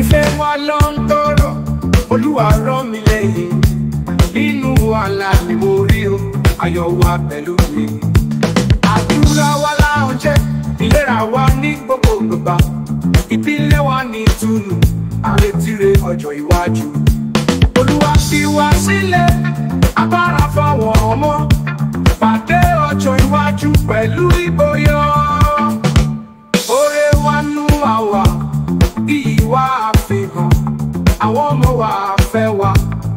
ìfẹ́ wa ló ń tọrọ olúwa rán mi lẹ́yìn nínú àlá ni mo rí o ayọ̀ wa pẹ̀lú mi. àdúrà wa láwọn jẹ́ ìlera wa ní gbogbo gbogbo ìpínlẹ̀ wa ní ìtùnú àretíre ọjọ́ iwájú. olúwa fi wá sílẹ̀ agbára fáwọn ọmọ pàdé ọjọ́ iwájú pẹ̀lú ìgboyà.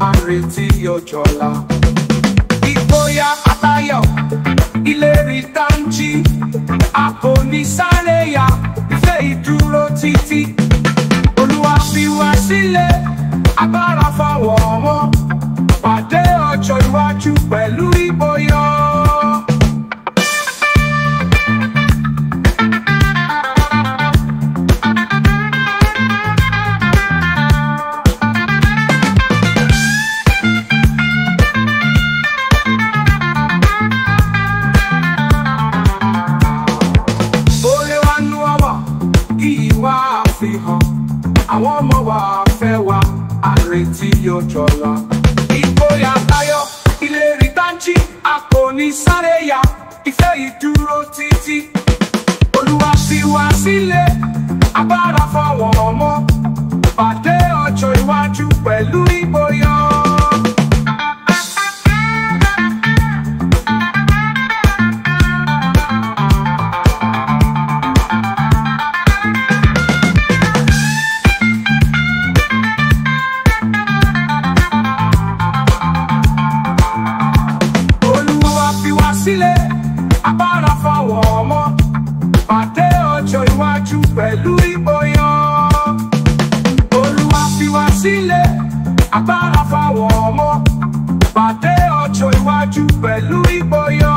máa retí ọjọ́ ọ̀la. ìgboyà aláyọ̀ ìlérí tá ń àpò ní sáré ya ìfẹ́ ìdúró títí. ṣàfihàn àwọn ọmọ wa fẹ́ wa àrètí yóò jọlá. ìgboyà tayọ ìlérí táǹjì a kò ní sáré ya ìfẹ́ ìdúró títí. olúwa sì wá sílẹ̀ agbára fọwọ́ ọmọ pàdé ọjọ́ iwájú pẹ̀lú ìgboyà. pàdé ọjọ́ iwájú pẹ̀lú ìgboyà.